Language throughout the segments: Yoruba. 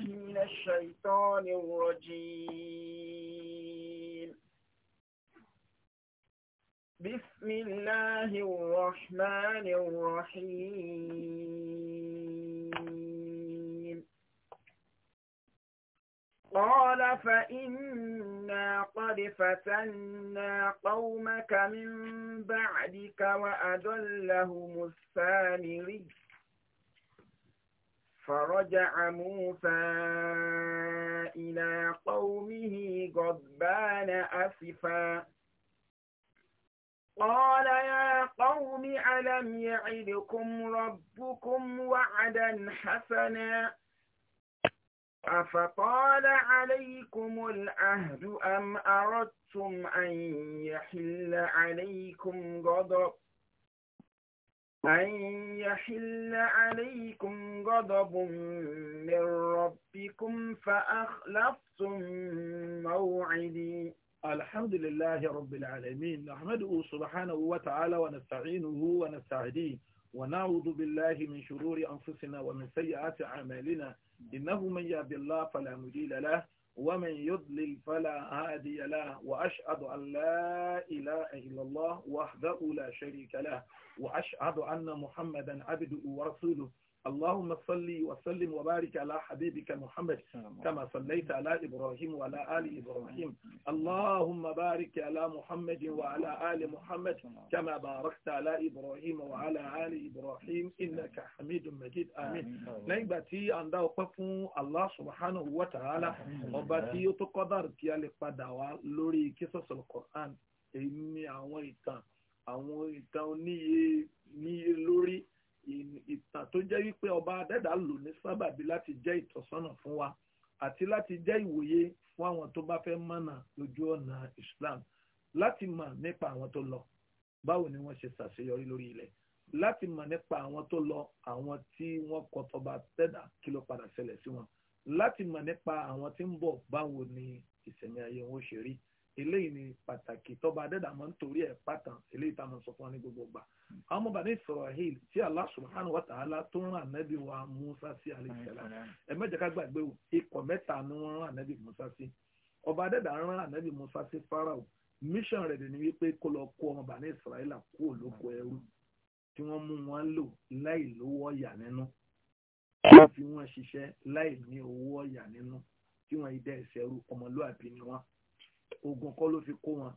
بالله من الشيطان الرجيم بسم الله الرحمن الرحيم قال فإنا قد فتنا قومك من بعدك وأدلهم السامرين فرجع موسى إلى قومه غضبان أسفا قال يا قوم ألم يعدكم ربكم وعدا حسنا أفطال عليكم العهد أم أردتم أن يحل عليكم غضب أن يحل عليكم غضب من ربكم فأخلفتم موعدي الحمد لله رب العالمين نحمده سبحانه وتعالى ونستعينه ونستعديه ونعوذ بالله من شرور أنفسنا ومن سيئات أعمالنا إنه من يهد الله فلا مضل له ومن يضلل فلا هادي له وأشهد أن لا إله إلا الله وحده لا شريك له وأشهد أن محمدا عبده ورسوله اللهم صل وسلم وبارك على حبيبك محمد كما صليت على إبراهيم وعلى آل إبراهيم اللهم بارك على محمد وعلى آل محمد كما باركت على إبراهيم وعلى آل إبراهيم إنك حميد مجيد آمين لنبا تي أن الله سبحانه وتعالى وباتي تقدر كي لقدوا لوري قصص القرآن إني أويتا أويتا ني ني لوري ìtàn tó jẹ́ wípé ọba adẹ́dà lò ní sábàbí láti jẹ́ ìtọ́sọ́nà fún wa àti láti jẹ́ ìwòye fún àwọn tó bá fẹ́ mọ̀nà lójú ọ̀nà Islam láti mọ̀ nípa àwọn tó lọ báwo ni wọ́n ṣe ṣàṣeyọrí lórí ilẹ̀ láti mọ̀ nípa àwọn tó lọ àwọn tí wọ́n kọ̀ tọba tẹ́dà kí ló padà ṣẹlẹ̀ sí wọn láti mọ̀ nípa àwọn tí ń bọ̀ báwo ni ìsẹ̀mí ayé wọn ṣe rí eléyìí ni pàtàkì tọba adẹ́dàmọ́ nítorí ẹ̀ pàtàn eléyìí tá a máa sọ fún wa ní gbogbo gbà àwọn ọmọ bàbá Israel tí Allah subhanahu wa ta'ala tó ń rán anabi wa Musa sí alayhi salam ẹ má jẹ́ ká gbàgbé o ikọ̀ mẹ́ta ni wọ́n rán anabi Musa sí ọba adẹ́dà rán anabi Musa sí Farao mission rẹ̀ ni wípé kó lọ kó ọmọ bàbá Israel kú olóko ẹrú tí wọ́n mú wọn lò láì lówó ọ̀yà nínú wọ́n fi wọ́n ṣiṣẹ́ láì ní owó ọ̀yà nínú tí wọ́n idẹ́ ìṣẹ́rú ọmọlúàbí ni wọ́n oògùn kọ́ ló fi kó wọn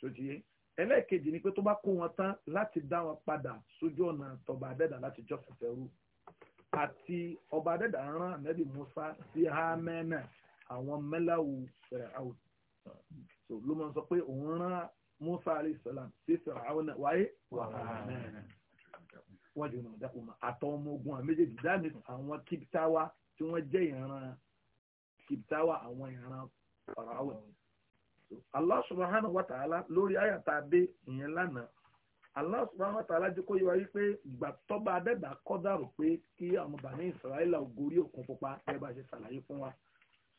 sotiye ẹlẹ́ẹ̀kejì ni pé tó bá kó wọn tán láti dá wọn padà sójú ọ̀nà tọba adẹ́dà láti jọ́sìn fẹ́rù àti ọba adẹ́dà rán ànábì Musa sí hamẹ́nà àwọn mẹ́láwù fẹ̀rẹ̀áwù so ló máa ń sọ pé òun rán Musa alayhisalaam sí fẹ̀rẹ̀áwù náà wáyé wà hamẹ́nà wọ́n jẹ́ ọ̀nà ìdákùn mọ́ àtọ́ ọmọ ogun àwọn méjèèjì dáàmì àwọn kíptáwá tí wọ́n jẹ́ ìran kíptáwá àwọn ìran fẹ̀rẹ̀áwù Allah subhanahu wa ta'ala lórí àyàtà adé ìyẹn lánàá Allah subhanahu wa ta'ala jẹ́ kó yẹ wá wípé ìgbà tọ́ba adẹ́dà kọ́dàrú pé kí àwọn bàmí Israẹla ògórí òkun pupa ẹ ṣe ṣàlàyé fún wa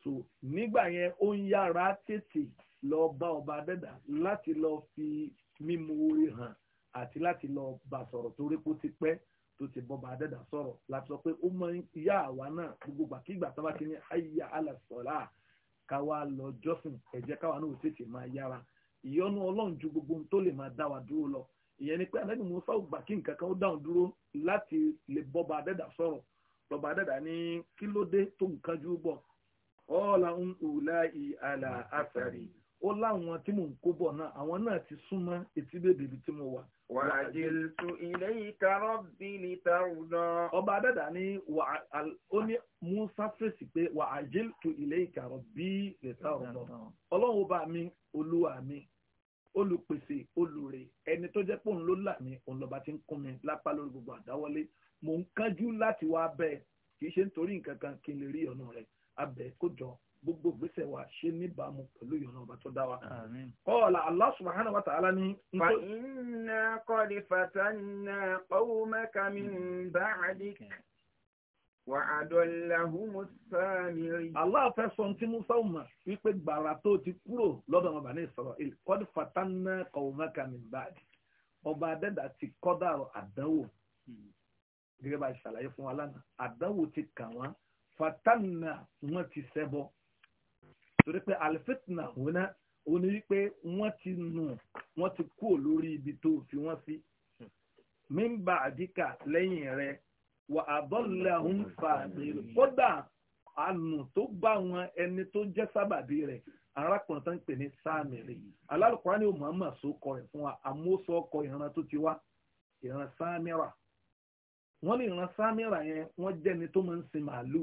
so nígbà yẹn ó ń yára tètè lọ bá ọba adẹ́dà láti lọ fi mímú orí hàn àti láti lọ bá sọ̀rọ̀ torí kó ti pẹ́ tó ti bọ́ bá adẹ́dà sọ̀rọ̀ láti sọ pé ó mọ ìyá àwa náà gbogbo káwa lọ jọ́sìn ẹ̀jẹ̀ káwa náà ò tètè máa yára ìyọnu ọlọ́run ju gbogbo tó lè máa dá wa dúró lọ ìyẹn ni pé anábì musa ò gbà kí nǹkan kan ó dáhùn dúró láti lè bọ́ba adẹ́dà sọ̀rọ̀ bọ́ba adẹ́dà ní kí ló dé tó nǹkan jú bọ̀ ọ̀la ń wùlá ìhàlà àfẹ́rì ó láwọn tí mò ń kó bọ̀ náà àwọn náà ti súnmọ́ etí bèbè ibi tí mo wà Wàjíltù ilé ìkarọ́ bí ní tàrúdọ́. Ọba Adẹ́dà ní ó ní Musa fèsì pé wàjíltù ilé ìkarọ́ bí ní tàrúdọ́. Ọlọ́run ọba mi, olúwa mi, olùpèsè, olùrè, ẹni tó jẹ́ pé òun ló là mí, òun lọ́ba ti ń kún mi lápá lórí gbogbo àdáwọlé. Mò ń kánjú láti wá bẹ́ẹ̀, kì í ṣe nítorí nǹkan kan kí n lè rí ọ̀nà rẹ̀. Abẹ́ kó jọ gbogbo gbèsè wa ṣe níbàámu pẹ̀lú ìyọ̀nà ọba tó dá wa. kọ́ọ̀lá Allah subhanahu wa ta'ala ní. fa inna qad fatanna qawmaka min ba'dik wà á dọ̀láhùn sáàmìrì. Allah fẹ́ sọ tí Musa ọmọ wípé gbàrà tó ti kúrò lọ́dọ̀ ọmọ Bani Israil qad fatanna qawmaka min ba'dik ọba adẹ́dà ti kọ́dàrọ̀ àdánwò gẹ́gẹ́ bá ṣàlàyé fún wa lánàá àdánwò ti kà wọ́n fatanna wọ́n ti ṣẹbọ torí pé alifitna hùnà ó ní wípé wọ́n ti nù wọ́n ti kú lórí ibi tó fi wọ́n sí mímbà àdíkà lẹ́yìn rẹ̀ wà àbọ̀lẹ̀ ọ̀hún fà kódà àánú tó bá wọn ẹni tó jẹ́ sábàbí rẹ̀ arákùnrin tó ń pè ní sáàmìrì alálùkọ́rá ni Muhammad so kọ rẹ̀ fún wa àmóso ọkọ̀ ìran tó ti wá ìran sáàmìrà wọ́n ní ìran sáàmìrà yẹn wọ́n jẹ́ni tó máa ń sin màálù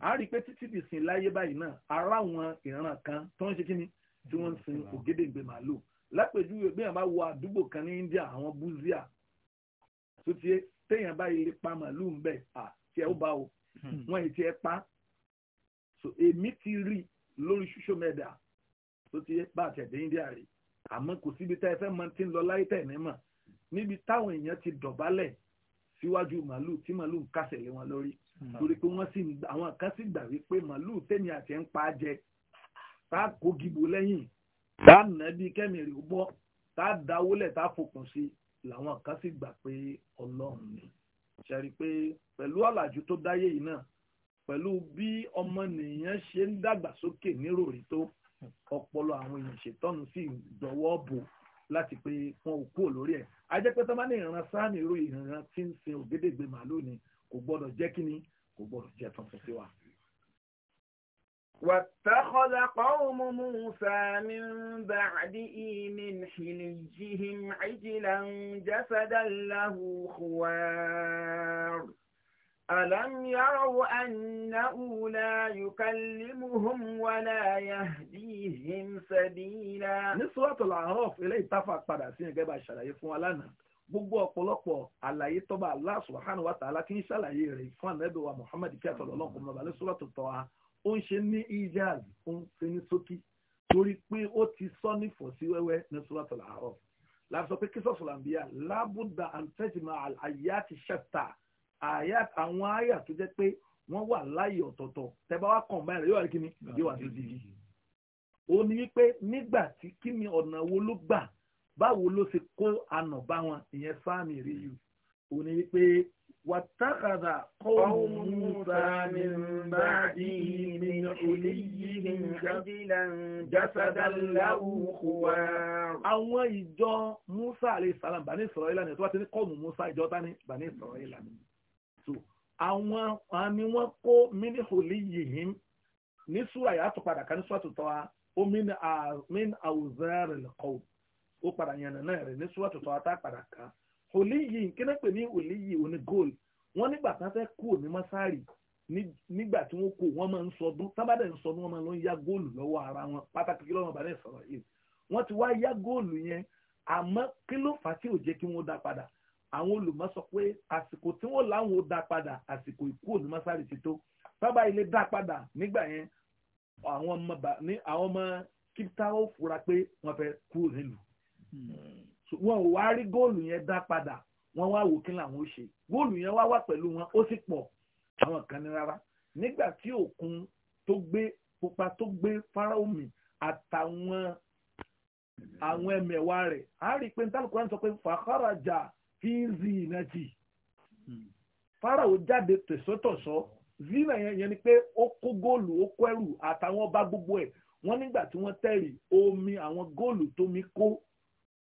a rí i pé títí di sin láyé báyìí náà ara àwọn ìran kan tó ń ṣe kí ni tí wọ́n ń sin ògédèǹgbè màálù lápèjúwe bí èèyàn bá wọ àdúgbò kan ní India àwọn buzia tó ti yé téèyàn bá ilé pa màálù ń bẹ̀ à tí ẹ ó bá o hmm. wọ́n èyí tí ẹ pa so èmi ti rí lórí social media tó ti yé bá àtẹ̀dé India rí àmọ́ kò síbi tá ẹ fẹ́ mọ tí ń lọ láyé tẹ̀ ní mọ̀ níbi táwọn èèyàn ti dọ̀bálẹ̀ síwájú màálù tí màálù ń kásẹ̀ lé wọn lórí Hmm. torí pé wọ́n sì àwọn kan sì gbà wípé màálù tẹ̀mí àti ẹ̀ ń pa jẹ tá a kó gìbò lẹ́yìn tá a nà bí kẹ́mi rí bọ́ tá a dáwọ́lẹ̀ tá a fòkùn sí làwọn kan sì gbà pé ọlọ́run ni ṣẹ̀rí pé pẹ̀lú ọ̀làjú tó dáyé yìí náà pẹ̀lú bí ọmọnìyàn ṣe ń dàgbàsókè níròrí tó ọpọlọ àwọn èèyàn ṣètọ́nu sí ìdọ̀wọ́ bò láti pé wọn ò kúrò lórí ẹ̀ ajẹ́pẹ́tọ́ bá ní ìran sáàmì irú ìran tí ń sin ògédègbè màálù ni kò gbọ́dọ̀ jẹ́ kí ni kò وَاتَّخَذَ قَوْمُ مُوسَى مِن بَعْدِهِ مِنْ حِلِيِّهِمْ عِجْلًا جَسَدًا لَهُ خُوَارٌ أَلَمْ يَرَوْا أَنَّهُ لَا يُكَلِّمُهُمْ وَلَا يَهْدِيهِمْ سَبِيلًا نسوة العراف إليه تفق بعد سنة جابة الشرعية gbogbo ọ̀pọ̀lọpọ̀ àlàyé tọ́ba Allah subhanahu wa ta'ala kí n ṣàlàyé rẹ̀ fún ànábì wa Muhammad kí àtọ̀lọ́ ọlọ́kùn mọ̀ balẹ̀ sọ́rọ̀ tó tọ́ wa ó ń ṣe ní ijaz ó ń ṣe ní sókí torí pé ó ti sọ ní fọ̀sí wẹ́wẹ́ ní suratul A'raf láàbùsọ pé kíṣọ́ sọ̀làǹbíyà lábùdà àǹtẹ́jìmá àyà ti ṣẹ̀ta àwọn àyà tó jẹ́ pé wọ́n wà láyè ọ̀tọ̀ọ̀tọ̀ tẹ́bá wá kàn báyìí yóò wá kí ni yóò wá tó di yìí. ó ní wípé nígbà tí kí ni ọ̀nà wo ló gbà báwo ló ṣe kó ànà bá wọn ìyẹn fáàmì rí yìí ò ní wípé wàtàkàdà kọ́ọ̀mù musa mi bá di mi òlì yìí jábìlà jásádà àwọn ìjọ musa alayhi salam bani Israila ni tó bá ti ní kọ́ọ̀mù musa ìjọ tani bani Israila ni. àwọn àmì wọn kó mini òlì yìí ní súra yàtọ̀ padà ká ní súra tó wa ó min àwùzẹ́rẹ̀ lẹ́kọ̀ọ́ ó padà yànnà náà rẹ̀ ní súwọ́tò tó ata padà ká òlí yìí kí pè ní òlí yìí òní goal wọ́n nígbà tán fẹ́ kú òní mọ́sáàrì nígbà tí wọ́n kó wọ́n máa ń sọdún tábàdàn ń sọdún wọ́n máa ń lọ ya góòlù lọ́wọ́ ara wọn pàtàkì kí lọ́wọ́ bàdàn sọ̀rọ̀ yìí wọ́n ti wá ya góòlù yẹn àmọ́ kí ló fà á tí ò jẹ́ kí wọ́n dá padà àwọn olùmọ̀ sọ pé àsìkò tí wọ́n láwọn ò dá padà àsìkò ìkú òní mọ́sáàrì ti tó tábà ilé dá padà nígbà yẹn àwọn ọmọ kíptáwó fura pé wọ́n fẹ́ kú nílùú wọn ò wá rí góòlù yẹn dá padà wọn wá wò kí làwọn ó ṣe góòlù yẹn wá wà pẹ̀lú wọn ó sì pọ̀ àwọn kan ní rárá nígbà tí òkun tó gbé pupa tó gbé fáráò àtàwọn àwọn ẹmẹ̀wà rẹ̀ á rí i pé ntàlùkùrán sọ pé fàkàràjà fíìzì ìnàjì fáráò jáde tẹ̀sọ́tọ̀sọ́ zina yẹn yẹn ni pé ó kó góòlù ó kó ẹrù àtàwọn ọba gbogbo ẹ̀ wọ́n nígbà tí wọ́n tẹ̀rì omi àwọn góòlù tómi kó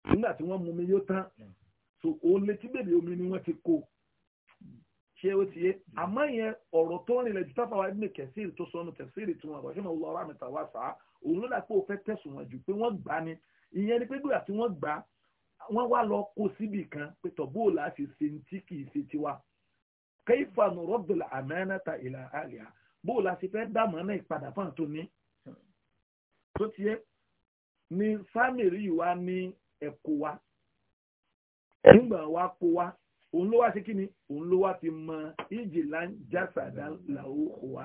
nígbà tí wọ́n mú mi yóò tán hmm. so òun létí bèbè omi ni wọ́n ti kó ṣé ó ti yé hmm. àmọ́ yẹn ọ̀rọ̀ tó rìn lẹ́jù táfà wa ní kẹsìrì tó sọnù kẹsìrì tí wọn àbọ̀ṣẹ́ lọ ọ̀rọ̀ àmìta wa sá òun ló dà pé ó fẹ́ tẹ̀sùn wọn jù pé wọ́n gbà ni ìyẹn ni pé gbìyà tí wọ́n gbà wọ́n wá lọ kó síbì kan pé tọ̀bú ò láti ṣe tí kì í ṣe tiwa kẹ́yìfà nùrọ̀ bìlà àmẹ́nẹ́ta ìlà àlìyà bó o fẹ́ dàmọ́ náà ìpadà fún àtúní hmm. ni sámìrì yìí ní ẹ kó wa nígbà wa kó wa òun ló wá sí kí ni òun ló wá fi mọ ìjìlá jásàdá làwọ òwà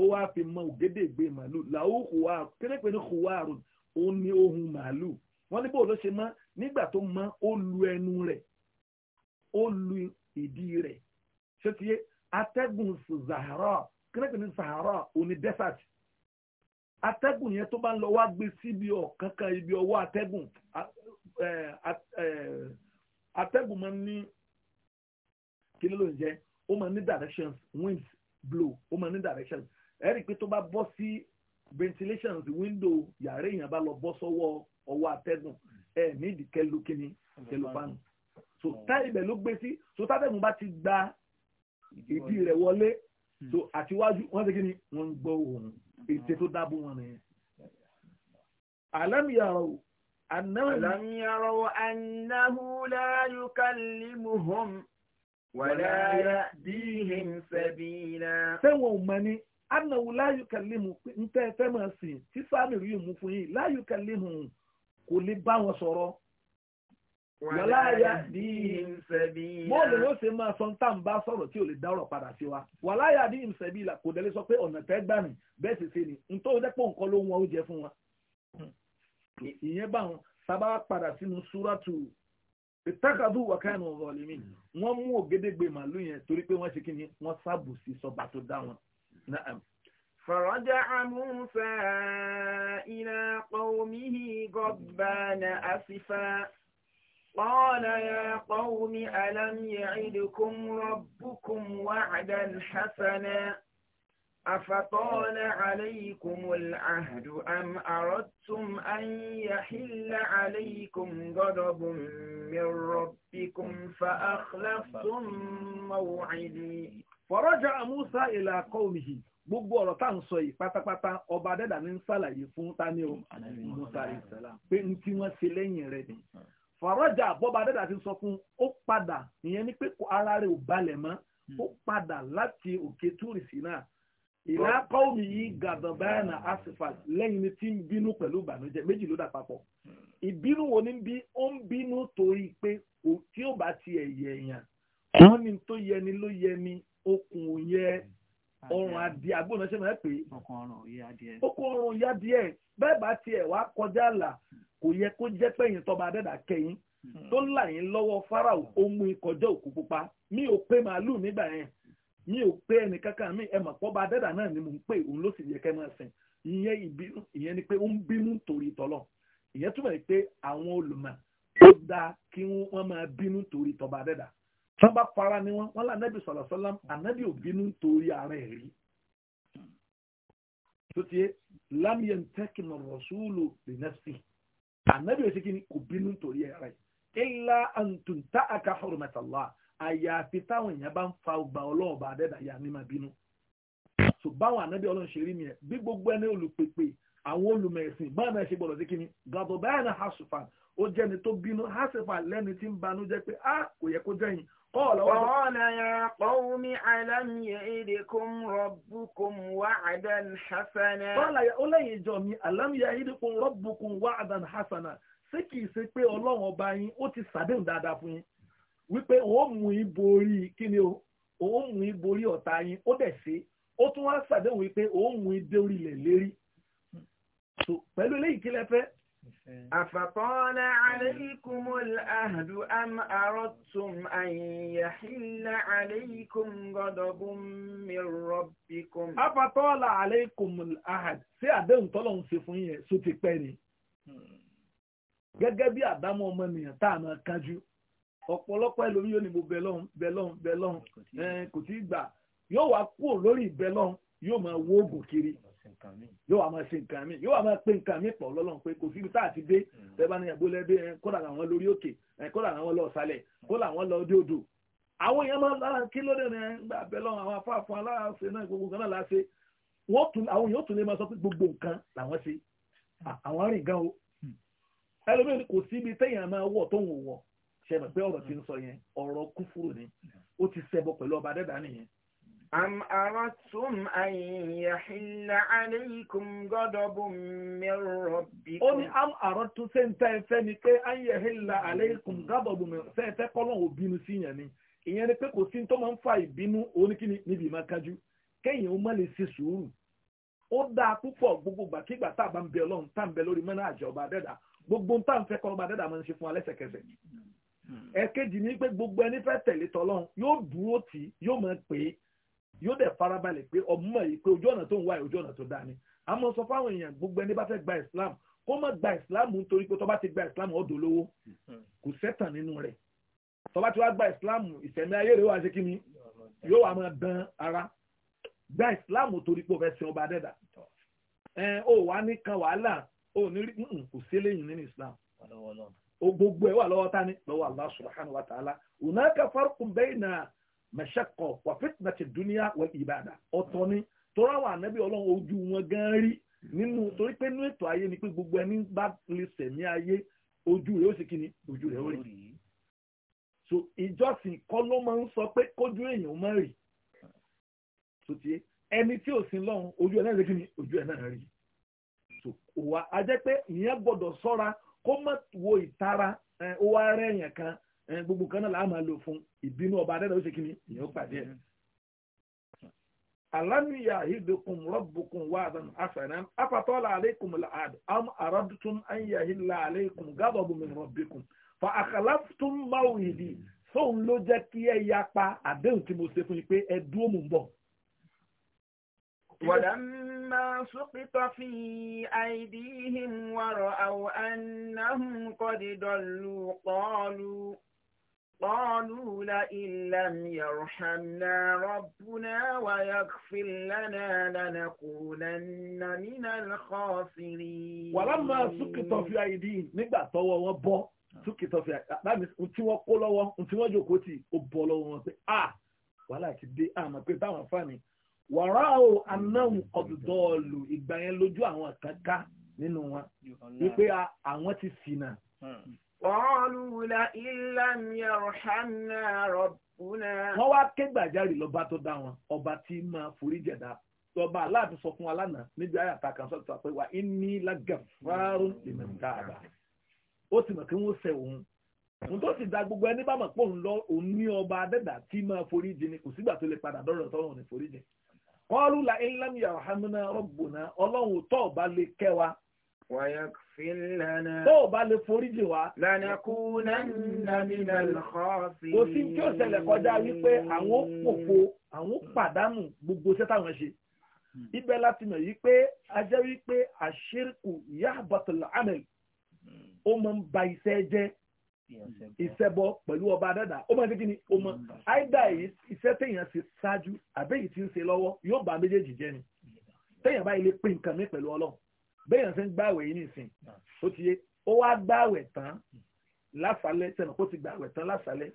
ó wá fi mọ ògédègbè màálù làwọ òwà kérépe ní òwàrù òun ní ohun màálù wọn ní bó ṣe mọ nígbà tó mọ ó lu ẹnu rẹ̀ ó lu ìdí rẹ̀ ṣé ti yé atẹ́gùn sahara kérépe ní sahara òun ní desert atẹ́gùn yẹn tó bá ń lọ wá gbé síbi ọ̀kánkán ibi ọwọ́ atẹ́gùn atẹ́gùn máa ń ní kí ló ń jẹ́ ó máa ń ní directions winds blow ó máa ń ní directions ẹ rí i pé tó bá bọ́ sí ventilations window yàrá èèyàn bá lọ bọ́ sọ́wọ́ ọwọ́ atẹ́gùn ẹ ní ìdíkẹ́ ló kíni kẹlò fanu so tá ibẹ̀ ló gbé sí so tátẹ́gùn bá ti gba ìdí rẹ̀ wọlé so àtiwájú wọ́n ti kíni wọ́n ń gbọ́ òun ètè tó dábò wọn nìyẹn. àlẹ́ yàrá o. أنه ألم يروا أنه لا يكلمهم ولا يأديهم سبيلا سوى مني أنه لا يكلمهم أنت تمسي تسامي ريوم فيه لا يكلمهم كل بان وصرا wàlá yà bí wa. wàlá yà bí ìmùsẹ̀bí ìyẹn bá wọn sábà padà sínú súrátù ìtàkàdù wákàyàn ọ̀rọ̀lẹ́mì wọ́n mú ògédégbè màlúù yẹn torí pé wọ́n ṣe kí ni wọ́n sábùsí sọba tó dá wọn. فرجع موسى إلى قومه غضبان أسفا قال يا قوم ألم يعدكم ربكم وعدا حسنا أفطال عليكم العهد أم أردتم أن يحل عليكم غضب من ربكم فأخلفتم موعدي فرجع موسى إلى قومه gbogbo ọ̀rọ̀ tá à ń sọ yìí pátápátá ọba adẹ́dà ní ń ṣàlàyé fún tani o musa alayisala pé n tí wọ́n ṣe lẹ́yìn rẹ̀ ni fàrọ́jà bọ́ba adẹ́dà ti sọ fún ó padà ìyẹn ni pé ara rẹ̀ ò balẹ̀ mọ́ ó padà láti òkè túrìsì náà ìlà kọ́ọ̀mù yìí gàdọ̀báyàna asifas lẹ́yìn tí ń bínú pẹ̀lú ìbànújẹ́ méjì ló dà papọ̀ hmm. ìbínú wo ni bí ó ń bínú torí pé tí ó bá ti ẹ̀yẹ̀ èèyàn hmm. wọ́n ní tó ni ló yẹni okùn òye hmm. ọrùn adìẹ agbóhùnṣẹ́ máa pè é okùn ọrùn bẹ́ẹ̀ bá tiẹ̀ yẹ kó jẹ́ pẹ̀yìn tọba adẹ́dà kẹyìn tó là yín lọ́wọ́ ó mú ikọjọ́ pupa mi ò pé màálù mi ò pé ẹnì kankan mi ẹ mọ̀ pọ́ bá dẹ́dà náà ni mò ń pè òun ló sì yẹ kẹ́ máa sìn ìyẹn ìbínú ìyẹn ni pé ó ń bínú torí tọ́lọ̀ ìyẹn túmọ̀ ní pé àwọn olùmọ̀ ó da kí wọ́n máa bínú torí tọba dẹ́dà tán bá para ni wọ́n wọ́n lá nẹ́bí sọ̀rọ̀ sọ́lá ànábì ò bínú torí ara ẹ̀ rí tó ti yé lámìyẹn tẹ́kìnà rọ̀ṣúlù lẹ́nẹ́sì ànábì ò sì kí ni kò bínú torí ara ẹ̀ àyàfi táwọn èèyàn bá ń fa ọgbà ọlọ́ọ̀bà àdẹ́dàyà ní máa bínú. so báwọn ànábì ọlọ́run ṣe rí nìyẹn bí gbogbo ẹni olùpèpè àwọn olùmẹ̀sìn báwọn náà ṣe sí kíni gàdọ̀ báyà náà hasùfà ó jẹ́ni tó bínú hasùfà lẹ́ni tí ń banú jẹ́ pé a ah, kò yẹ kó jẹ́yìn قال ya ṣé kìí ṣe pé ọlọ́run ọba yín ó ti wípé òun mú i borí kíni o òun mú i borí ọ̀tá yín ó dẹ̀ ṣe ó tún wá ṣàdéhùn wípé òun mú i dé orílẹ̀ lérí pẹ̀lú eléyìí kí lẹ fẹ́. أفطال عليكم الأهد أم أردتم أن يحل عليكم غضب من ربكم أفطال عليكم الأهد ṣé àdéhùn t'Ọlọ́run ṣe fún yín sọ ti pẹ́ ni hmm. gẹ́gẹ́ bí àdámọ̀ ọmọnìyàn tá a máa kájú ọ̀pọ̀lọpọ̀ ẹlòmí yóò ní mo bẹ̀lọ́n bẹ̀lọ́n bẹ̀lọ́n kò tí ì gbà yóò wá kúrò lórí ìbẹ̀lọ́n yóò máa wó oògùn kiri yóò wá máa ṣe nǹkan mi yóò wá máa pe nǹkan mi pọ̀ lọ́lọ́run pé kò síbi tá a ti dé mm. bẹ́ẹ̀ ni ẹ̀gbọ́n lẹ́bí kódà làwọn lórí òkè kódà làwọn lọ ọ̀sálẹ̀ kódà mm. làwọn lọ dòdò àwọn èèyàn máa lára kí ló dé ní gbà bẹ́lọ́n àwọn afáàfún aláṣẹ náà gbogbo nǹkan náà láṣẹ wọ́n àwọn èèyàn tún lè máa sọ pé gbogbo nǹkan làwọn ṣe mm. àwọn arìngàn o ẹlòmíràn kò síbi téèyàn máa wọ̀ tóun ò wọ̀ ṣe mọ̀ pé ọ̀rọ̀ tí ń sọ yẹn ọ̀rọ̀ kúfúrú ni ó ti ṣẹbọ pẹ̀lú ọba dẹ́dà nìyẹn. أم أردتم أن يحل عليكم غضب من ربكم أم أم أردتم سنتين فني أن يحل عليكم غضب من سنتين قلون وبينو سيني ìyẹn ni pé kò sí tó máa ń fa ìbínú oníkíni níbi ìmọ̀ kájú kéèyàn ó má lè ṣe sùúrù ó dáa púpọ̀ gbogbo gbàkigbà tá a bá ń bẹ ọlọ́run tá a ń bẹ lórí mẹ́rin àjọ ọba adẹ́dà gbogbo tá a ń fẹ́ kọ́ ọba adẹ́dà máa ń ṣe fún wa ẹ̀kejì ni pé gbogbo ẹni fẹ́ tẹ̀lé tọ́lọ́run yóò dúró tì í yóò mọ̀ pé yóò dẹ̀ farabalẹ̀ pé ọmọ mọ̀ yìí pé ojú ọ̀nà tó ń wá yìí ojú ọ̀nà tó dáa ni àmọ́ sọ fáwọn èèyàn gbogbo ẹni bá fẹ́ gba Islam kó má gba Islam nítorí pé tó bá ti gba Islam ọ̀dọ̀ lówó kò sẹ́tàn nínú rẹ̀ tó bá ti wá gba Islam ìfẹ̀mí ayé rẹ̀ wá ṣe kí ni yóò wá máa dán ara gba Islam torí pé o fẹ́ sin ọba adẹ́dà ẹ̀ o wá ní kan wàhálà o ní kò sí eléyìí nínú Islam. gbogbo ẹ̀ wà lọ́wọ́ tani lọwọ Allah subhanahu wa ta'ala hunaka farqun bayna mashaqqa wa fitnati dunya wal ibada ọtọ ni tọ́ra wà nẹ́bí ọlọ́run ojú wọn gan rí nínú torí pé nínú ètò ayé ni pé gbogbo ẹni bá lè sẹ̀mí ayé ojú rẹ̀ ó sì kí ni ojú rẹ̀ ó rí so ìjọsìn kọ́ ló máa ń sọ pé kójú èèyàn má rí so ti ẹni tí ò sin lọ́run ojú ẹ̀ náà rí kí ni ojú ẹ̀ náà rí so òwà a jẹ́ pé ìyẹn gbọdọ sọra. kó má wo ìtara ó wá rẹ̀yàn kan gbogbo kan náà láà máa lò fún ìbínú ọba adẹ́dàá ó ṣe kíni ìyẹn ó pàdé ẹ̀. alamiya hidukum rabbukum wa'dan afanan afatola aleikum al'ad am aradtum an yahilla aleikum ghadabu min rabbikum fa akhlaftum mawidi sóun ló jẹ́ kí ẹ yapa àdéhùn tí mo ṣe fún yín pé ẹ dúró mò bọ̀ ولما سقط في أيديهم ورأوا أنهم قد ضلوا قالوا قالوا لئن لم يرحمنا ربنا ويغفر لنا لنكونن من الخاسرين ولما سقط في أيديهم nígbà tọ́wọ́ wọn bọ́ sókètò fi àgbàmì tí wọ́n kó lọ́wọ́ tí wọ́n jókòó tì ó bọ́ lọ́wọ́ wàrà o anáhùn ọ̀dọ̀ọ̀lù ìgbà yẹn lójú àwọn kankan nínú wọn wípé àwọn ti ṣìnà. Qalu la illam yarhamna rabbuna. Wọ́n wá ké gbàjarè lọ́ba tó dá wọn, ọba tí máa forí jẹ̀dá. Lọ́ba aláàbí sọ fún wa lánàá níbi àyàtà kan sọ́tọ̀ pé wà inni lagafarun liman taaba. Ó ti mọ̀ kí wọ́n ṣẹ̀ òun òun tó sì da gbogbo ẹni bá mọ̀ pé òun lọ òun ní ọba adẹ́dà tí máa foríjì ni kò sígbà tó lè padà dọ́rọ̀ tọ́rọ̀ ní foríjì kọlụ la ilam ya rabbuna ọlọ́run lè kẹ́ wa. Wàyàkfin lana. lè wa. Lanakunanna tí ó ṣẹlẹ̀ kọjá wípé àwọn pàdánù gbogbo iṣẹ́ táwọn ṣe. Ibẹ̀ láti mọ̀ ìṣẹbọ pẹ̀lú ọba dada ó máa ń dígí ni ó mọ àìdá mm. èyí iṣẹ́ téèyàn ṣe ṣáájú àbẹ́yìí tí ń ṣe lọ́wọ́ yóò bá méjèèjì jẹ́ ni téèyàn bá ilé pín nǹkan mi pẹ̀lú ọlọ́run béèyàn ṣe ń gbààwẹ̀ yìí nìsín ó ti yé ó wá gbààwẹ̀ tán lásàlẹ̀ sẹ́nu kó ti gbààwẹ̀ tán lásàlẹ̀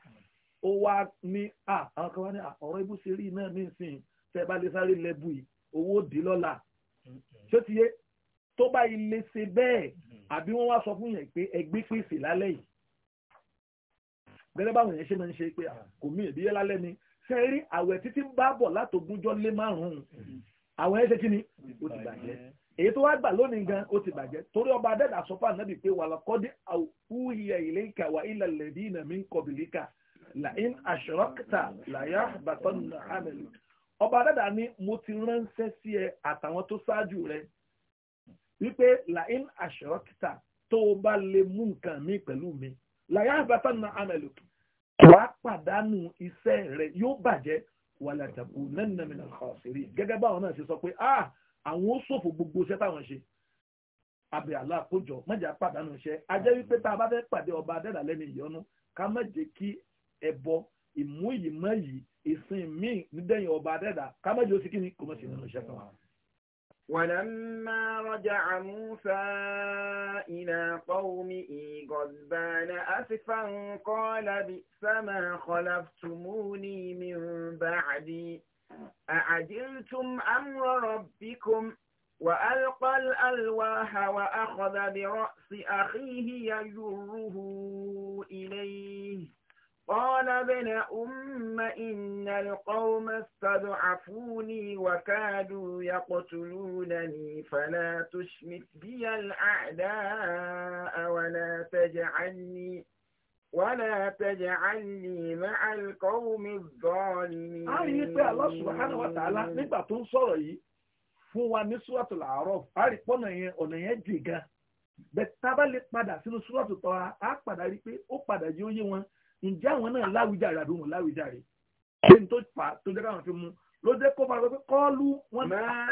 ó wá ní à àwọn kan wá ní ọ̀rọ̀ ibú ṣe rí náà nìsín tẹ́ bá lè sáré lẹ́bù yìí owó dì lọ́la ṣó ti yé tó bá ilé ṣe bẹ́ẹ̀ mm-hmm. àbí wọ́n wá sọ fún gẹ́gẹ́ báwọn yẹn ṣe máa ń ṣe pé kò mí ìbí yẹn lálẹ́ ni ṣe rí àwẹ̀ títí ń bá bọ̀ látògúnjọ́ lé márùn-ún àwọn ẹ̀ ṣe kí ni ó ti bàjẹ́ èyí tó wá gbà lónìí gan ó ti bàjẹ́ torí ọba adẹ́dà sọ fún ànábì pé wà lọ́kọ́dé àwùyẹ ìlẹ́kà wà ilẹ̀ lẹ́bí iná mi ń kọ̀bìlíkà làyín àṣọrọ́kítà làyà bàtọ́nù àmẹ́lì ọba adẹ́dà ni mo ti ránṣẹ́ sí ẹ àtàwọn tó ṣáájú rẹ wípé làyín àṣọrọ́kítà tó o bá lè mú nǹkan mi pẹ̀lú mi làyà àbáfà nà àmàlùkì wàá pàdánù iṣẹ́ rẹ̀ yóò bàjẹ́ wàlà tàbí nánà mi nà khasirin gẹ́gẹ́ báwọn náà ṣe sọ pé ah àwọn ó ṣòfò gbogbo iṣẹ́ táwọn ṣe àbẹ̀ aláàkójọ mọ̀jà pàdánù iṣẹ́ ajẹ́ wípé tá a bá fẹ́ pàdé ọba adẹ́dà lẹ́nu ìyọnu ká má jẹ́ kí ẹbọ ìmú ìmọ̀ yìí ìsìn míì nídẹ̀yìn ọba adẹ́dà ká má jẹ́ ó sì kí ni kò mọ̀ sí nínú iṣẹ́ ولما رجع موسى إلى قومه غضبان أسفا قال بئس ما خلفتموني من بعدي أعجلتم أمر ربكم وألقى الألواح وأخذ برأس أخيه يجره إليه قال ابن أم إن القوم استضعفوني وكادوا يقتلونني فلا تشمت بي الأعداء ولا تجعلني ولا تجعلني مع القوم الظالمين a rí pé Allah subhanahu wa ta'ala nígbà tó ń sọ̀rọ̀ yìí fún wa ní súwàtò A'raf a rí pọ́nà yẹn ọ̀nà yẹn jì gan bẹ́ẹ̀ ǹjẹ́ àwọn náà láwùjáre àbí wọn láwùjáre ṣé n tó fà á tó jẹ́ káwọn fi mú ló jẹ́ kó fara pé kọ́ọ́lù wọn. máa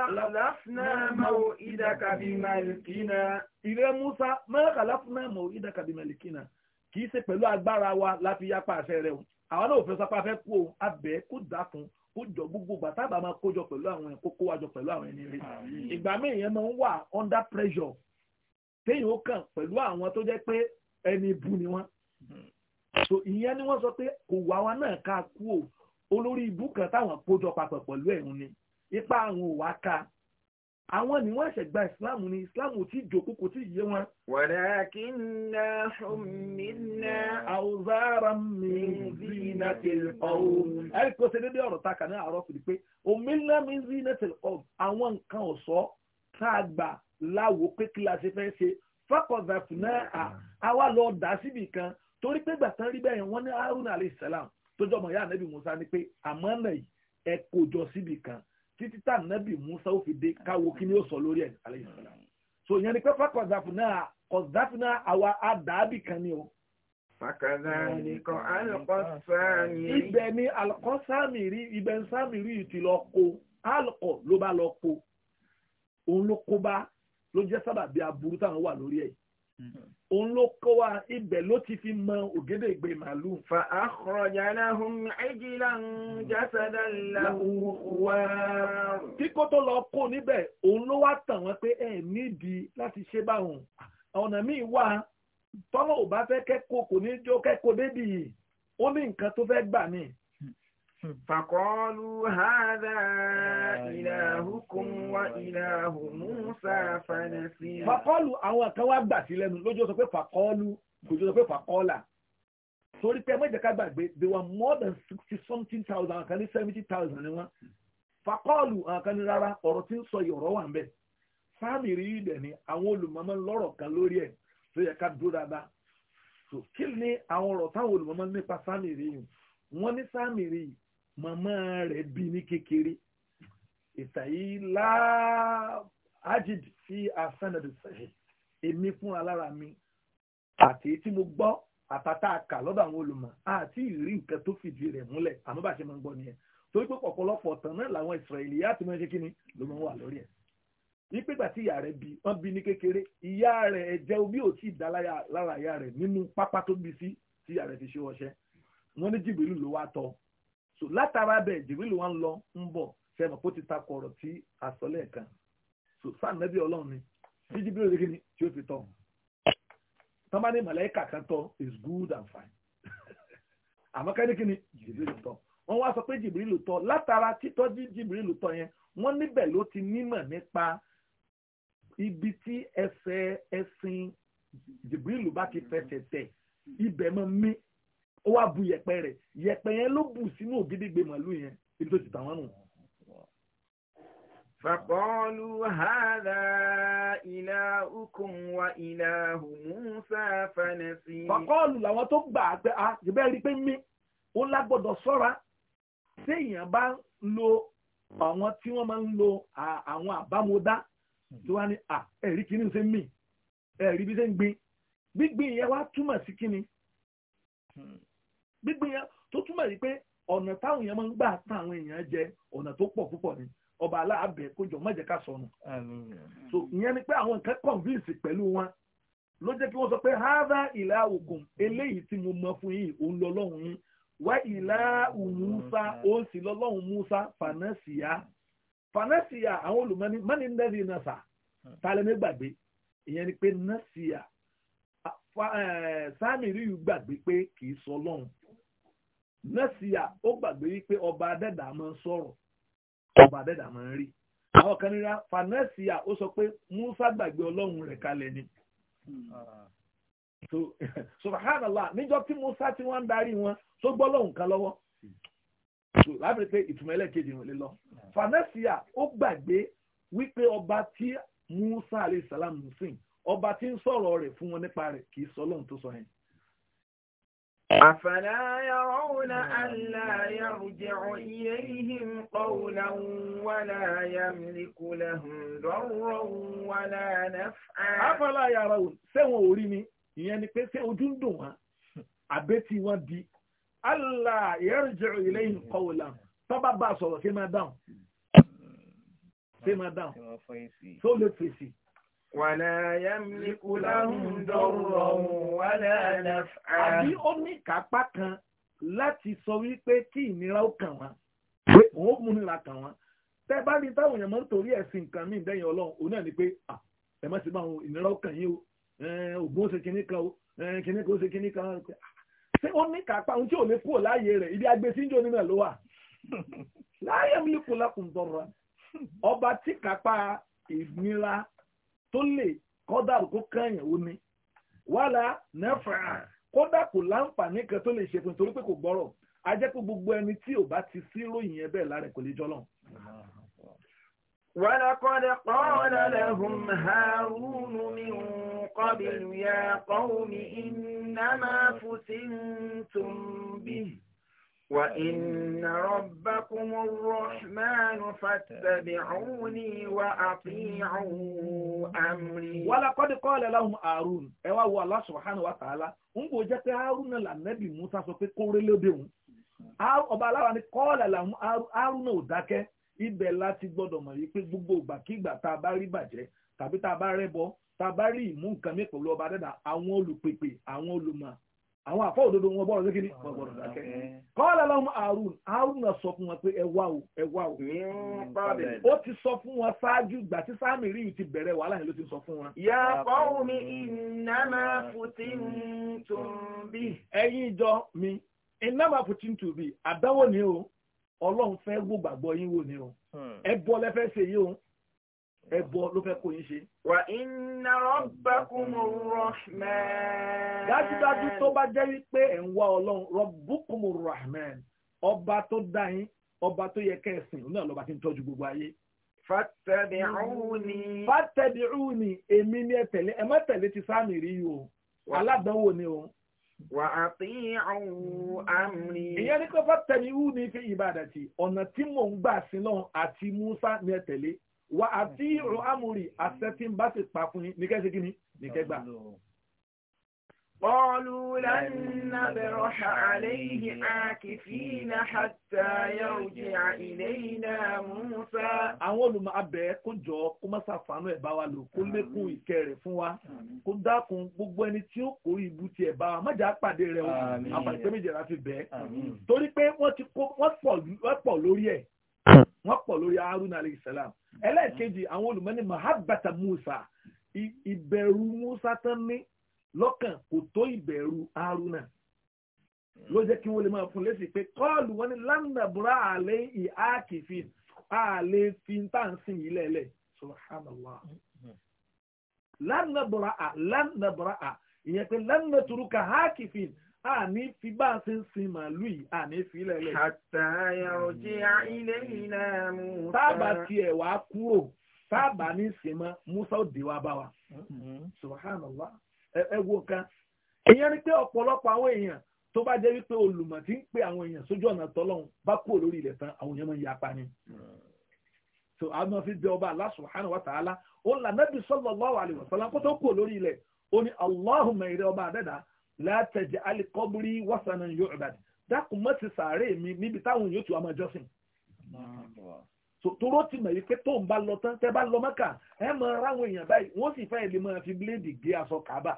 àlàfínà mọ ìdàkàbí màlìkínà. ìrẹ́ Musa máa àlàfínà mọ ìdàkàbí màlìkínà kì í ṣe pẹ̀lú agbára wa láfi yapa àṣẹ rẹ o àwa náà ò fẹ́ sapá fẹ́ kú o abẹ́ kó dákun ó jọ gbogbo ìgbà tábà máa kójọ pẹ̀lú àwọn ẹ̀kọ́ kó wájọ pẹ̀lú àwọn ẹni rẹ̀ ìgbà míì yẹn máa ń wà under pressure téèyàn ó kàn pẹ̀lú àwọn tó jẹ́ pé ẹni ibu ni wọ́n hmm so ìyẹn ni wọ́n sọ pé kò wá wa náà ká kú o olórí ibú kan táwọn kójọ papọ̀ pẹ̀lú ẹ̀hún ni ipa àwọn ò wá ká àwọn ni wọ́n ṣẹ̀ gba ìsìláàmù ni ìsìláàmù tí ìjòkó kò tí yé wọn. walakinna humilna awzara min zinatil qawm. ẹ̀rí kò ṣe déédéé ọ̀rọ̀ ta kà àárọ̀ fìdí pé humilna min zinatil qawm àwọn nǹkan ọ̀ṣọ́ tá a gbà láwo pé kí la ṣe fẹ́ ṣe faqadhafnaha àwa lọ dà síbì kan torí pé gbàtàn rí bẹ́ẹ̀ wọ́n ní haruna alayhi salam tó jọ ọmọ ìyá anabi musa ni pé àmọ́ náà yìí ẹ kó jọ síbi kan títí tá anabi musa ó fi dé káwo kí ni ó sọ lórí ẹ alayhi salam so ìyẹn ni pé fàkọ̀záfù náà kọ̀záfù náà àwa àdàbì kan ni o. fàkàdánìkọ alùkọ́sàmì. ibẹ̀ ni alùkọ́sàmì rí ibẹ̀ ń sàmì rí ìtì lọ kó alùkọ̀ ló bá lọ kó òun ló kó bá ló jẹ́ sábàbí aburú táwọn wà lórí ẹ̀ yìí òun ló kọ́ wa ibẹ̀ ló ti fi mọ ògédègbè màálù. fa akhrajnahum ijlan jasadan lahu khuwar. kíkó tó lọ kó níbẹ̀ òun ló wá tàn wọ́n pé ẹ̀ nídìí láti ṣe báwọn ọ̀nà míì wà tọ́lọ́ ò bá fẹ́ kẹ́kọ̀ọ́ kò ní jó kẹ́kọ̀ọ́ débi ó ní nǹkan tó fẹ́ gbà ní فقالوا هذا إلهكم وإله موسى فنسي فقالوا أو kan wá gbà sí lẹ́nu فقالوا sọ pé fàkọ́lù kò jọ sọ pé fàkọ́là torí ká gbàgbé they were more than sixty something thousand àwọn seventy thousand ni wọ́n fàkọ́lù àwọn kan ní rárá ọ̀rọ̀ tí ń sọ yìí ọ̀rọ̀ wà ń bẹ̀ sáàmì rí ìdẹ̀ ni àwọn olùmọ̀mọ́ lọ́rọ̀ kan lórí ẹ̀ tó yẹ ká dúró dáadáa so kí ni àwọn ọ̀rọ̀ táwọn olùmọ̀mọ́ nípa sáàmì rí yìí wọ́n ní sáàmì rí yìí màmá rẹ̀ bí ní kékeré ìtàyí láàájid sí asanadu sahih èmi fún alára mi àti tí mo gbọ́ àtàtà àkà lọ́dọ̀ àwọn olùmọ̀ àti ìrí nǹkan tó fìdí rẹ̀ múlẹ̀ àmọ́ bá ṣe máa ń gbọ́ nìyẹn torí pé ọ̀pọ̀lọpọ̀ ọ̀tàn náà làwọn ìsirẹ̀lì yá ti máa ṣe kí ni ló máa wà lórí ẹ̀ wípé ìgbà tí ìyá rẹ̀ bí wọ́n bí ní kékeré ìyá rẹ̀ ẹ̀jẹ̀ omi ò tí ì dá lára ìyá rẹ̀ nínú pápá tó bí sí tí ìyá rẹ̀ fi ṣe ọṣẹ wọ́n ní jìbìlì ló wá tọ́ so látara bẹ́ẹ̀ jìbìlì wọn lọ ń bọ̀ sẹ́mi kó ti takọ̀ ọ̀rọ̀ tí àsọlẹ̀ kan so sànẹ́bí ọlọ́run ni bí jìbìlì rẹ̀ kí ni tí ó fi tọ̀ tọ́ bá ní màláíkà kan tọ́ is good and fine àmọ́ ká ní kí ni jìbìlì tọ́ wọ́n wá sọ pé jìbìlì tọ́ látara títọ́ jí jìbìlì tọ́ yẹn wọ́n níbẹ̀ ló ti nímọ̀ nípa ibi tí ẹsẹ̀ ẹṣin jìbìlì bá ti fẹsẹ̀ tẹ̀ ibẹ̀ mọ́ mí ó wá bu yẹ̀pẹ̀ rẹ̀ yẹ̀pẹ̀ yẹn ló bù sínú ògidìgbè màlúù yẹn ibi tó ti tà wọ́n nù. فقالوا هذا إلهكم وإله موسى فنسي. فقالوا làwọn tó gbà á pé a jẹ́bẹ́ rí pé mi ó lágbọ́dọ̀ sọ́ra téèyàn bá ń lo àwọn tí wọ́n máa ń lo àwọn àbámọ́dá tó wá ní à ẹ̀rí kìíní ṣe ń mì ẹ̀rí bí ṣe ń gbin gbígbin yẹn wá túmọ̀ sí kíni. gbígbìn ya tó túmọ̀ yìí pé ọ̀nà táwọn èèyàn máa ń gbà tán àwọn èèyàn jẹ ọ̀nà tó pọ̀ púpọ̀ ni ọba aláàbẹ̀ kójọ má ká sọnù. so ìyẹn ni pé àwọn nǹkan convince pẹ̀lú wọn ló jẹ́ kí wọ́n sọ pé hádà ìlà ògùn eléyìí tí mo mọ fún yìí òun yín wá ìlà òmùsà òun sì àwọn olùmọ́ni mọ́ni gbàgbé nọ́ọ̀sìyà ọ gbàgbé wípé ọba adẹ́dà máa ń sọ̀rọ̀ ọba adẹ́dà máa ń rí àwọn kan nira fanẹ́sìyà ọ sọ pé Musa gbàgbé ọlọrun rẹ kalẹ ni so subhanallah níjọ́ tí Musa tí wọ́n ń darí wọn tó gbọ́ lọ́hùn kan lọ́wọ́ so lábẹ́rẹ́ pé ìtumọ̀ ẹlẹ́kejì ìwọ̀n lè lọ fanẹ́sìyà ọ gbàgbé wípé ọba tí Musa alayhi salam sìn ọba tí ń sọ̀rọ̀ rẹ̀ fún wọn nípa rẹ̀ kì í sọ lọ́hùn tó sọ yẹn Eh. أفلا يرون ألا يرجع إليهم قولا ولا يملك لهم ضرا ولا نفعا أفلا يرون سوى أوريني يعني pé ojú ń dùn wá àbẹ́tí wọn di Allah yarji'u ilayhim qawlan tọ́ba bá sọ̀rọ̀ ṣé máa dáhùn ṣé máa dáhùn tó lè fèsì Wàlá yamliku lahum darran wàlá naf'a. Àbí ó ní kápá kan láti sọ wípé tí ìnira ó kàn wá, pé òun ó múnira kàn wá. Tẹ́ bá ní táwọn èèyàn máa ń torí ẹ̀sìn nǹkan míì dẹ́yìn ọlọ́run, òun náà ni pé ẹ má sì máa ìnira ó kàn yín o, ògùn ó ṣe kinní kan o, kinní kan ó ṣe kinní kan. Ṣé ó ní kápá ohun tí ò lè kúrò láàyè rẹ̀? Ibi agbésíjó ìnira tó lè kọ́dàrú kó kẹ́yìn ó ní wàhálà nẹ́fà kódà kò láǹfààní kan tó lè ṣe fún torí pé kò gbọ́rọ̀ a jẹ́ pé gbogbo ẹni tí ò bá ti sí ròyìn ẹ bẹ́ẹ̀ lára kò lè jọlọ́n. ولقد قال لهم هارون من قبل يا قوم إنما فتنتم به وإن ربكم الرحمن فاتبعوني وأطيعوا أمري ولقد قال لهم هارون ẹ wá wo Allah subhanahu wa ta'ala ń bò jẹ́ pé Harun náà lànàbì Musa sọ pé kórè lóde òun ọba aláwa wípé gbogbo ìgbàkigbà tá bá rí bàjẹ́ tàbí tá bá rẹ́bọ tá bá rí ìmú nǹkan mi pẹ̀lú ọba dẹ́dà àwọn olùpèpè àwọn olùmọ̀ àwọn àfọ́ òdodo wọn bọ́rọ̀ sékìní wọn bọ́rọ̀ dákẹ́ kọ́lá lọ́mú Harun Harun náà sọ fún wọn pé ẹ wá o ẹ wá o mm, ó ti sọ fún wọn ṣáájú ìgbà tí sáàmì ríyù ti bẹ̀rẹ̀ wàhálà yẹn ló ti sọ fún wọn. ya qaumi innama mm. futintum bi. ẹ̀yin ìjọ mi innama futintum bi àdánwò ni o ọlọ́run fẹ́ gbogbo àgbọ̀ yín wò ni o hmm. ẹ bọ́ lẹ́fẹ́ ṣe yìí o ẹbọ ló fẹ́ kó yín ṣe. wà iná rabbakumur rahman. dájúdájú tó bá jẹ́ wípé ẹ̀ ń wá ọlọ́run rabbukumur rahman ọba tó dá yín ọba tó yẹ kẹ́sìn náà lọ́ba tí ń tọ́jú gbogbo ayé. fattabi'uni. fattabi'uni èmi ni ẹ tẹ̀lé ẹ má tẹ̀lé ti sáàmì rí yìí o aládánwò ni o. wà á pín àwọn amri. ìyẹn ní kó fattabi'uni fi ibadati ọ̀nà tí mò ń gbà sí náà àti Musa ni ẹ tẹ̀lé wà àti ìrò amúrì àṣẹ tí ń bá ti pa fún yín ní kẹ́sì kí ni ní kẹ́gbà. قالوا لن نبرح عليه عاكفين حتى يرجع إلينا موسى àwọn olùmọ̀ abẹ́ kó jọ kó má ṣàfàánú ẹ̀ bá wa lò kó lékún ìkẹ́ rẹ̀ fún wa kó dákun gbogbo ẹni tí ó kórè ibú ti ẹ̀ bá wa má jẹ́ àpàdé rẹ̀ o àpàdé méjìlá fi bẹ́ẹ̀ torí pé wọ́n ti kó wọ́n pọ̀ lórí ẹ̀ wọ́n pọ̀ lórí haruna alayhi salam ẹlẹ́ẹ̀kejì àwọn olùmọ́ni mahabata musa iberu musa tán ní lọ́kàn kò tó ìbẹ̀rù haruna ló jẹ́ kí wọ́n lè máa fún lésì pé kọ́ọ̀lù wọn ni lánàbúrà àlẹ́ ìhákìfì àlẹ́ fi ń tà ń sìn yìí lẹ́lẹ̀ subhanallah lánàbúrà à à ìyẹn pé ka ani fi bá a ṣe ń sin màálù yìí àní fi lẹ́lẹ̀. àtàyà òjì ilé ilé musa. tábà tiẹ̀ wá kúrò ní musa ò dé wá bá wa. Mm-hmm. subhanallah ẹ wo kan. ìyẹn ni pé ọ̀pọ̀lọpọ̀ àwọn èèyàn tó bá wípé olùmọ̀ tí ń pe àwọn èèyàn sójú ọ̀nà tọ́lọ́hún bá kúrò lórí ilẹ̀ tán àwọn èèyàn máa ń yapa ni. so àwọn fi bẹ ọba Allah ta'ala ó kó tó ilẹ̀ látẹ̀jẹ̀ alikọ́bùrí wọ́sàn yóò ẹ̀bà dákun mọ́ ti sàárè mi níbi táwọn yóò tù ọmọ ìjọsìn. toró ti mọ̀ yìí pé tó ń bá lọ tán tẹ́ bá lọ mọ́kà ẹ mọ ráwọn èèyàn báyìí wọ́n sì fẹ́ lè máa fi bíléèdì gé aṣọ kábà.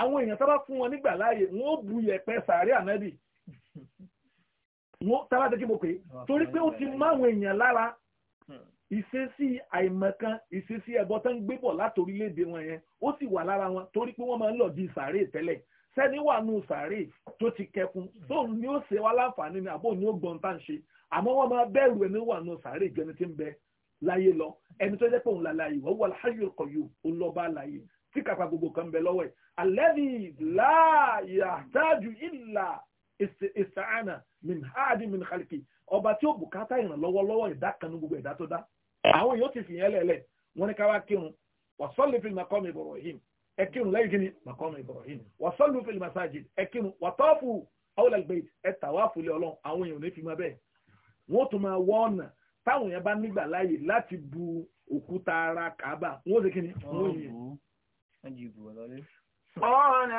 àwọn èèyàn tábà fún wọn nígbà láàyè wọn ó bu yẹ̀pẹ̀ sàárè ànábì. wọ́n tábà tẹ́ kí mo pè é torí pé ó ti máwọn èèyàn lára ìṣesí àìmọ̀kan ìṣesí ẹbọ tó ń gbé bọ̀ láti orílẹ̀-èdè wọn yẹn ó sì wà lára wọn torí pé wọ́n máa ń lọ di sàárè tẹ́lẹ̀ sẹ́ni wà nù sàárè tó ti kẹkun tóun ni ó ṣe wá láǹfààní ni àbóun ni ó gbọ́n tá à ń ṣe àmọ́ wọ́n máa bẹ̀rù ẹni wà nù sàárè ju ẹni tí ń bẹ láyé lọ ẹni tó jẹ́ pé òun làlàyé wọ́n wà láyé kọ̀yù òun lọ bá láyé tí kàkà gbogbo kan bẹ lọ́wọ́ ẹ̀ alẹ́ni ọba tí ó bùkátà ìrànlọ́wọ́ ìdá kan gbogbo ìdá tó dá Eh. àwọn yóò ti fìyẹn lẹ̀lẹ̀ wọ́n ní ká wá kírun wàsọ́lù fil maqami Ibrahim ẹ kírun lẹ́yìn kí ni maqami Ibrahim wàsọ́lù fil masajid ẹ kírun wàtọ́fù awla al-bayt ẹ tàwáfù lé ọlọ́run àwọn èèyàn ní fi máa bẹ́ẹ̀ wọ́n tún máa wọ́ ọ̀nà táwọn yẹn bá nígbà láàyè láti bu òkúta ara kàábà wọ́n ṣe kí ni wọ́n yẹ. ọ̀nà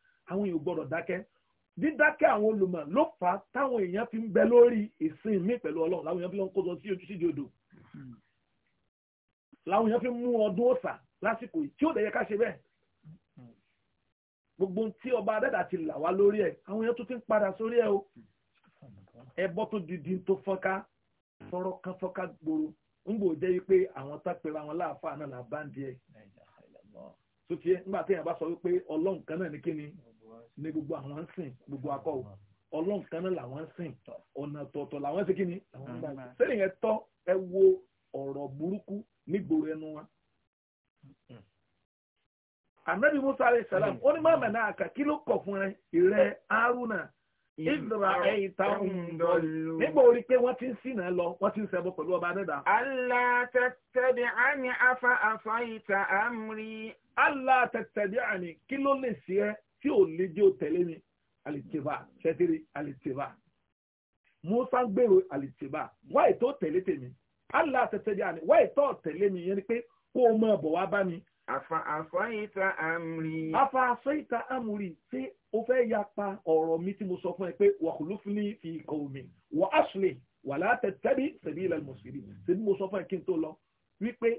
àwọn èèyàn gbọ́dọ̀ dákẹ́ dídákẹ́ àwọn olùmọ̀ ló fà á táwọn èèyàn fi ń bẹ lórí ìsìn mi pẹ̀lú ọlọ́run láwọn èèyàn fi lọ ń kó sọ sí ojú sídìí odò láwọn èèyàn fi mú ọdún ọ̀sà lásìkò yìí tí ó dẹ̀ yẹ ká ṣe bẹ́ẹ̀ gbogbo tí ọba adẹ́dà ti là wá lórí ẹ̀ àwọn èèyàn tó ti ń padà sórí ẹ̀ o ẹbọ tó didi tó fọ́nká fọ́rọ́ kan fọ́nká gbòòrò ń gbòò jẹ́ wípé àwọn tá pera wọn láàfáà náà là bá ń di ẹ̀ tó tiẹ̀ ńgbà téèyàn bá sọ wípé ọlọ́run kan náà ní kíni ní gbogbo àwọn ń sìn gbogbo akọ ọlọ́run kan náà làwọn ń sìn ọ̀nà tọ̀ọ̀tọ̀ làwọn ń sìn kíni sẹ́yìn yẹn tọ́ ẹ wo ọ̀rọ̀ burúkú nígboro ẹnu wa. Ànábì Musa alayhi salam ó ní má mẹ́ná àkà kí ló kọ̀ fún rẹ̀ Haruna ìdúrà ẹ̀yìntà ọ̀hún nígbà orí pé wọ́n ti ń sìn náà lọ wọ́n ti ń ṣẹbọ pẹ̀lú ọba nídà. Allah tẹ̀tẹ̀dẹ̀ àní afa àfa ìta àmúrí. Allah tẹ̀tẹ̀dẹ̀ tí ò lè jẹ́ ò tẹ̀lé mi àlìtìbà ṣẹ́tìrì àlìtìbà musa gbèrò àlìtìbà wáyé tó tẹ̀lé tèmi allah tẹ̀tẹ̀ díà ni wáyé tó tẹ̀lé mi yẹn ni pé kó o mọ̀ bọ̀ wá bá mi. àfà àfàyíta amúri. àfà àfàyíta amúri ṣé o fẹ́ yapa ọ̀rọ̀ mi tí mo sọ fún ẹ pé wàhùlù fún ní fi ikọ̀ omi wà á ṣùlẹ̀ wà látẹ̀ tẹ́bí ṣèbí ilẹ̀ mọ̀sírí ṣèbí mo sọ fún ẹ kí n tó lọ wípé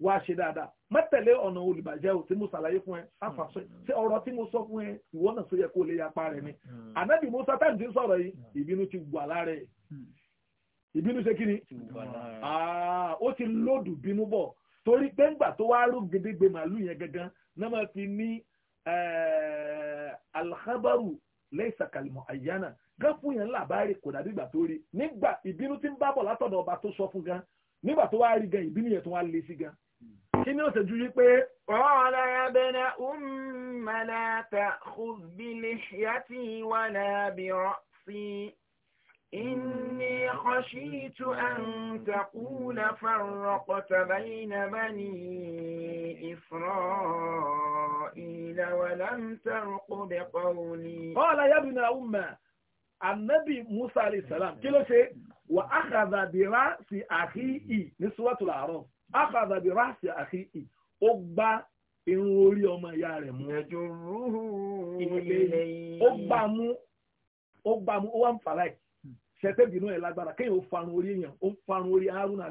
wá ṣe dáadáa mẹ́tẹ̀lé ọ̀nà olùbàjẹ́ ò tí mo ṣàlàyé fún ẹ àfàṣọ mm. ṣé ọ̀rọ̀ tí mo sọ fún ẹ ìwọ náà sóyẹ kó lè yapa rẹ ni mm. ànábì musa táyì ti sọ̀rọ̀ yìí mm. ìbínú ti gbà lára ẹ̀ ìbínú ṣe kí ni ah, ó ti lòdù bínú bọ̀ torí pé ńgbà tó wá rú gidigbe màálù yẹn gangan náà máa fi ní eh, alhabaru lẹ́yìn sàkàlìmọ̀ àyànà gán fún yẹn làbárí kò dàbí ìgbà tó rí nígbà ìbínú ti ń bábọ̀ látọ̀dọ̀ ọba tó sọ fún gan nígbà tó wá rí gan ìbínú yẹn tó wá lé sí gan kí ni ó ṣe ju wípé. Qala abna umma la ta'khudh bi lihyati wala bi ra'si. إني خشيت أن تقول فرقت بين بني إسرائيل ولم ترقب قولي قال يا ابن أمة النبي موسى عليه السلام كله شيء وأخذ برأس أخيه نسوة الأعراف akadàbí ráàsì àti ó gbá irun orí ọmọ ìyá rẹ̀ mú ilé ó gbá mú ó gbá mú ó wà ń fàlàyé ṣẹ̀tẹ́ bínú ẹ̀ lágbára kéèyàn ó farun orí èèyàn ó farun orí Haruna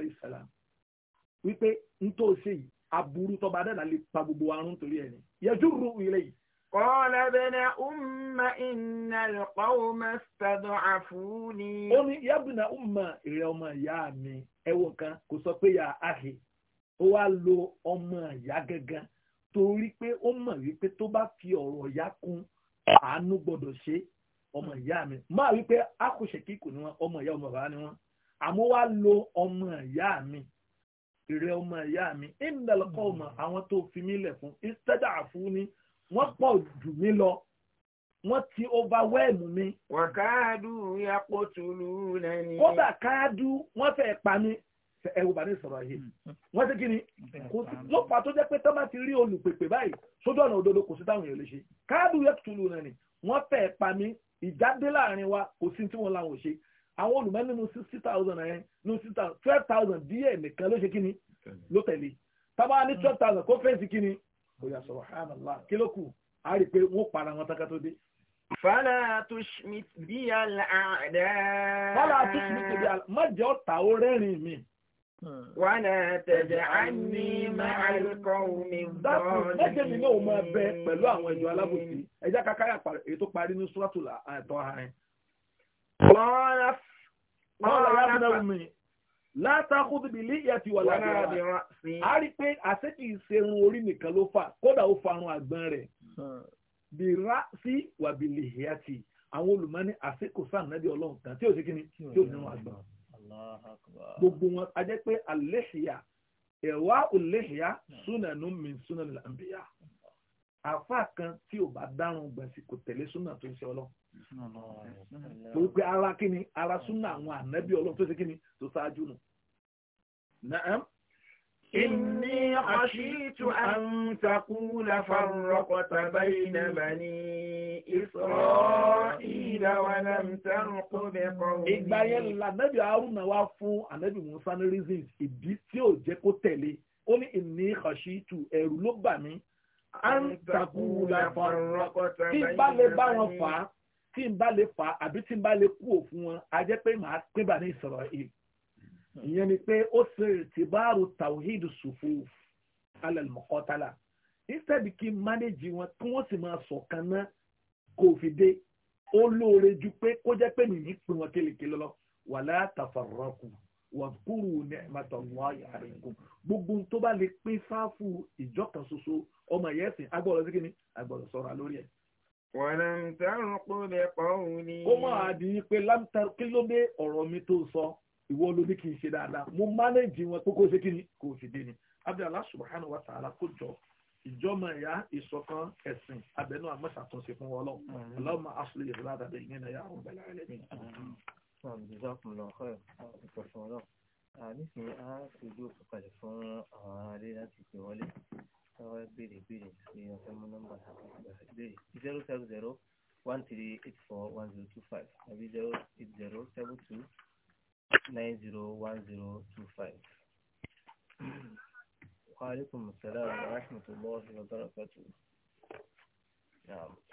wípé ṣe yìí aburú tọba lè pa gbogbo àrùn torí ẹ̀ yẹjú ru ilé yìí. Ó ní ìrẹ̀ ọmọ ìyá mi ẹ̀wọ̀n kan kò sọ pé yà á hì ó wá lo ọmọ ìyá gangan torí pé ó mọ̀ wípé tó bá fi ọ̀rọ̀ ìyá kún àánú gbọ́dọ̀ ṣe ọmọ ìyá mi máa wípé akọ̀ṣe kíkù ni wọn ọmọ ìyá ọmọ bàbá ni wọn àmọ́ wá lo ọmọ ìyá mi ìrẹ ọmọ ìyá mi ìnìdàlọ́kọ̀ ọmọ àwọn tó fi mí lẹ̀ fún ìsẹ́dà fún ni wọ́n pọ̀ jù mí lọ wọ́n ti overwhelm mi. wọ́n káádù ya pọ̀ tòlú lẹ́ni. kódà káádù wọ́n fẹ́ pa mí ẹwù bá ní sọ̀rọ̀ yìí hmm. wọ́n ti kí ni ló fà tó jẹ́ pé tọ́ bá ti rí olùpèpè báyìí sójú ọ̀nà òdodo kò sí táwọn èèyàn lè ṣe káàdù yẹ tutù náà ni wọ́n fẹ́ pa mí ìjáde láàrin wa kò sí tí wọ́n làwọn ò ṣe àwọn olùmọ̀ nínú sixty thousand ẹ̀ nínú sixty thousand twelve thousand díẹ̀ nìkan ló ṣe kí ni ló tẹ̀lé tábà ní twelve thousand kó fèsì kí ni kò yà sọ̀rọ̀ kí ló kù á rí i pé wọ́n para wọn tákà dé. Fala tushmit bi al-a'da. Fala tushmit bi al Má jẹ́ ọ̀tá ó rẹ́rìn mi. Wàlẹ̀ tẹ̀jẹ̀ á ní máa kọ́hún ní bọ́ọ̀lì. Ẹ̀jẹ̀ mi náà máa bẹ pẹ̀lú àwọn ẹ̀jọ̀ alábòsí. Ẹja kakáyà èyí tó parí ní Súrátù àtọ́ àárín. Wọ́n lọ yá fún ẹrù mi. Látàkùn bìlí ìyàtì wà lábẹ́rẹ́. A rí pé àṣẹ kìí ṣerun orí nìkan ló fà kódà ó farun àgbọ̀n rẹ̀. Bìrá sí wàbìlì ìyàtì. Àwọn olùmọ́ni àṣẹ kò sáà náà bí ọlọ́run kan tí ò sí kíni tí ò nínú àgbọ̀n gbogbo wọn a jẹ́ pé alẹ́hìá ẹ̀wá olẹ́hìá súnànù mi súnànù làǹbíyà àfa kan tí ò bá dárun gbẹ̀sì kò tẹ̀lé súnà tó ń ṣe ọlọ́ torí pé ara kí ni ara súnà àwọn ànábì ọlọ́ tó ṣe kí ni tó ṣáájú nù. إني خشيت أن تقول فرقت بين بني إسرائيل ولم ترقب قولي ìgbà yẹn lànàbì Haruna wá fún ànàbì Musa ní reasons ìdí tí ò jẹ́ kó tẹ̀lé ó ní إني خشيت ẹ̀rù ló bà mí أن تقول فرقت بين بني kí n bá lè bá wọn fà á kí n bá lè fà á àbí tí n bá lè kú òfin wọn a jẹ́ pé màá pín Bani Israel ìyẹn ni pé ó ṣe ìtìbáàrù tawhid sufuf alẹ́lùmọ́kọ́tàlá instead kí manage wọn kí wọ́n sì máa ṣọ̀kan náà kò fi dé ó lóore ju pé kó jẹ́ pé nìyí pé wọn kélékélé lọ wala tafarraqu wàkúrú ni'matallahi alaykum gbogbo tó bá lè pín fáfù ìjọkan ṣoṣo ọmọ ìyá ẹ̀sìn agbọ́dọ̀ sí kíni agbọ́dọ̀ sọ̀rọ̀ lórí ẹ̀. wàlámtàrún kò lè pọ̀ òun ni. kó máa di pé lámtàrún kí ló dé ọ̀rọ̀ mi tó sọ ìwọ ló ní kì í ṣe dáadáa mo mánéjì wọn kókó ṣe kí ni kò sì dé ni abdullah subhanahu wa ta'ala kó jọ ìjọba ẹ̀yà ìṣọ̀kan ẹ̀sìn abẹnú àmọ́sàtúnṣe fún wọn lọ́wọ́ Allahumma asli ìrọ̀lá dàbẹ̀ ìyẹn náà yà àwọn ọ̀bẹ̀lẹ̀ rẹ̀ lẹ́yìn. nísìnyí a ṣojú òkú kalẹ̀ fún àwọn aráalé láti pè wọlé lọ́wọ́ béèrè béèrè sí ọ̀fẹ́ mú nọ́mbà béèrè zero seven zero one three eight four one zero two five àbí zero eight zero seven two nine zero one zero two five. وعليكم السلام ورحمة الله وبركاته. نعم.